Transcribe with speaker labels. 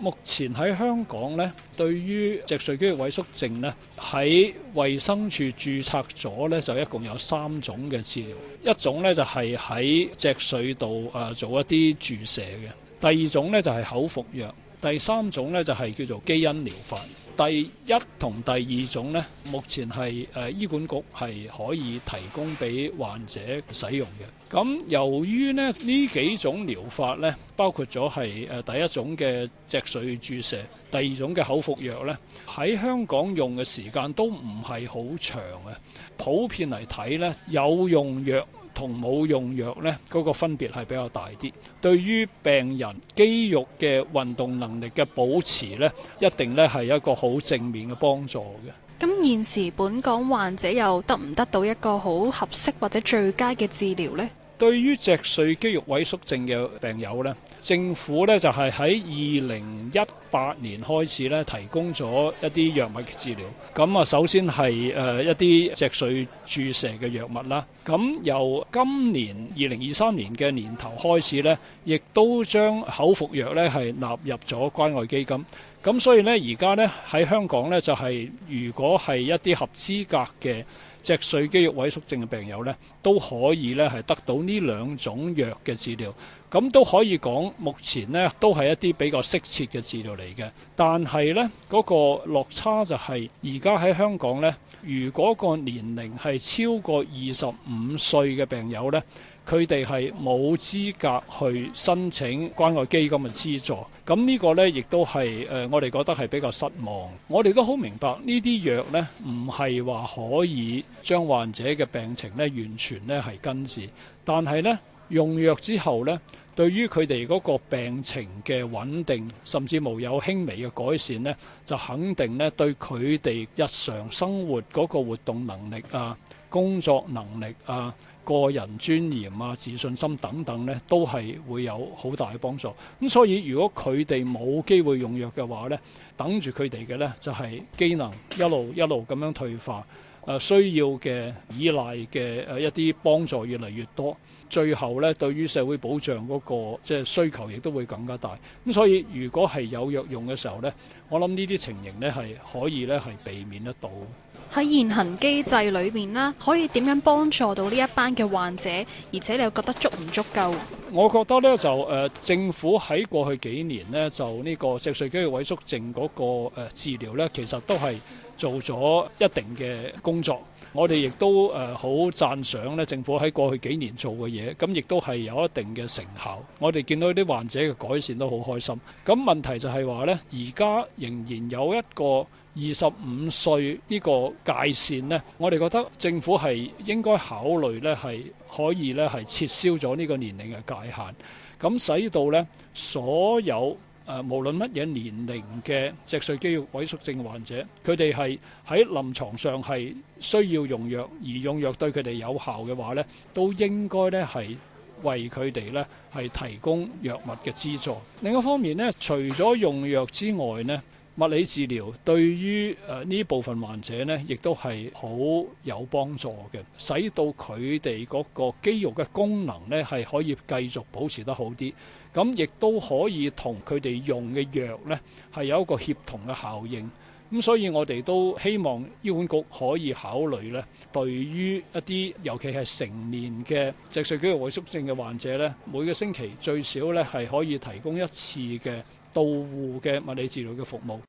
Speaker 1: 目前喺香港咧，對於脊髓肌肉萎縮症咧，喺衛生署註冊咗咧，就一共有三種嘅治療，一種咧就係喺脊髓度誒做一啲注射嘅，第二種咧就係口服藥。第三種咧就係叫做基因療法，第一同第二種呢，目前係誒醫管局係可以提供俾患者使用嘅。咁由於呢呢幾種療法呢，包括咗係誒第一種嘅脊髓注射，第二種嘅口服藥呢，喺香港用嘅時間都唔係好長嘅。普遍嚟睇呢，有用藥，同冇用藥呢，嗰個分別係比較大啲。對於病人肌肉嘅運動能力嘅保持呢，一定呢係一個好正面嘅幫助嘅。咁現時本港患者又得唔得到一個好合適或者最佳嘅治療呢？對於脊髓肌肉萎縮症嘅病友呢，政府呢就係喺二零一八年開始呢，提供咗一啲藥物嘅治療。咁啊，首先係誒一啲脊髓注射嘅藥物啦。咁由今年二零二三年嘅年頭開始呢，亦都將口服藥呢係納入咗關愛基金。咁所以呢而家呢喺香港呢就係、是，如果係一啲合資格嘅。脊髓肌肉萎縮症嘅病友咧，都可以咧係得到呢兩種藥嘅治療。咁都可以講，目前呢都係一啲比較適切嘅治療嚟嘅。但係呢嗰、那個落差就係而家喺香港呢，如果個年齡係超過二十五歲嘅病友呢，佢哋係冇資格去申請關愛基金嘅資助。咁呢個呢，亦都係誒、呃、我哋覺得係比較失望。我哋都好明白呢啲藥呢唔係話可以將患者嘅病情呢完全呢係根治，但係呢，用藥之後呢，對於佢哋嗰個病情嘅穩定，甚至無有輕微嘅改善呢，就肯定呢對佢哋日常生活嗰個活動能力啊、工作能力啊、個人尊嚴啊、自信心等等呢，都係會有好大嘅幫助。咁所以如果佢哋冇機會用藥嘅話呢，等住佢哋嘅呢，就係機能一路一路咁樣退化。誒需要嘅依賴嘅誒一啲幫助越嚟越多，最後咧對於社會保障嗰個即係需求，亦都會更加大。咁所以如果係有藥用嘅時候咧，我諗呢啲情形咧係可以咧係避免得到。喺現行機制裏面啦，可以點樣幫助到呢一班嘅患者，而且你又覺得足唔足夠？我覺得咧就誒、呃、政府喺過去幾年呢，就呢個脊髓肌肉萎縮症嗰、那個、呃、治療咧，其實都係，做咗一定嘅工作，我哋亦都誒好讚賞咧政府喺過去幾年做嘅嘢，咁亦都係有一定嘅成效。我哋見到啲患者嘅改善都好開心。咁問題就係話咧，而家仍然有一個二十五歲呢個界線咧，我哋覺得政府係應該考慮咧，係可以咧，係撤銷咗呢個年齡嘅界限，咁使到咧所有。誒，無論乜嘢年齡嘅脊髓肌肉萎縮症患者，佢哋係喺臨床上係需要用藥，而用藥對佢哋有效嘅話呢，都應該呢係為佢哋呢係提供藥物嘅資助。另一方面呢，除咗用藥之外呢。物理治療對於誒呢部分患者呢，亦都係好有幫助嘅，使到佢哋嗰個肌肉嘅功能呢，係可以繼續保持得好啲。咁亦都可以同佢哋用嘅藥呢，係有一個協同嘅效應。咁所以我哋都希望醫管局可以考慮呢，對於一啲尤其係成年嘅脊髓肌肉萎縮症嘅患者呢，每個星期最少呢，係可以提供一次嘅到戶嘅物理治療嘅服務。